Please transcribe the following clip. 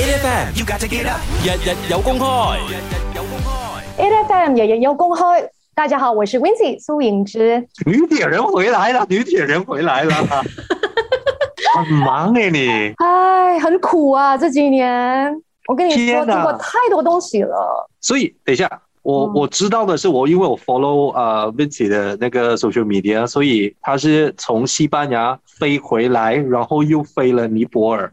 A F M，You gotta get up，日日有公開，日日有公開，A F M 日日有公開。大家好，我是 Wincci 蘇盈之。女鐵人回來了，女鐵人回來了。很忙誒，你，唉，很苦啊，這幾年，我跟你說做、這個、太多東西了。所以，等一下我我知道的是我，我因為我 follow 啊 Wincci 的那個 social media，所以他是從西班牙飛回來，然後又飛了尼泊爾。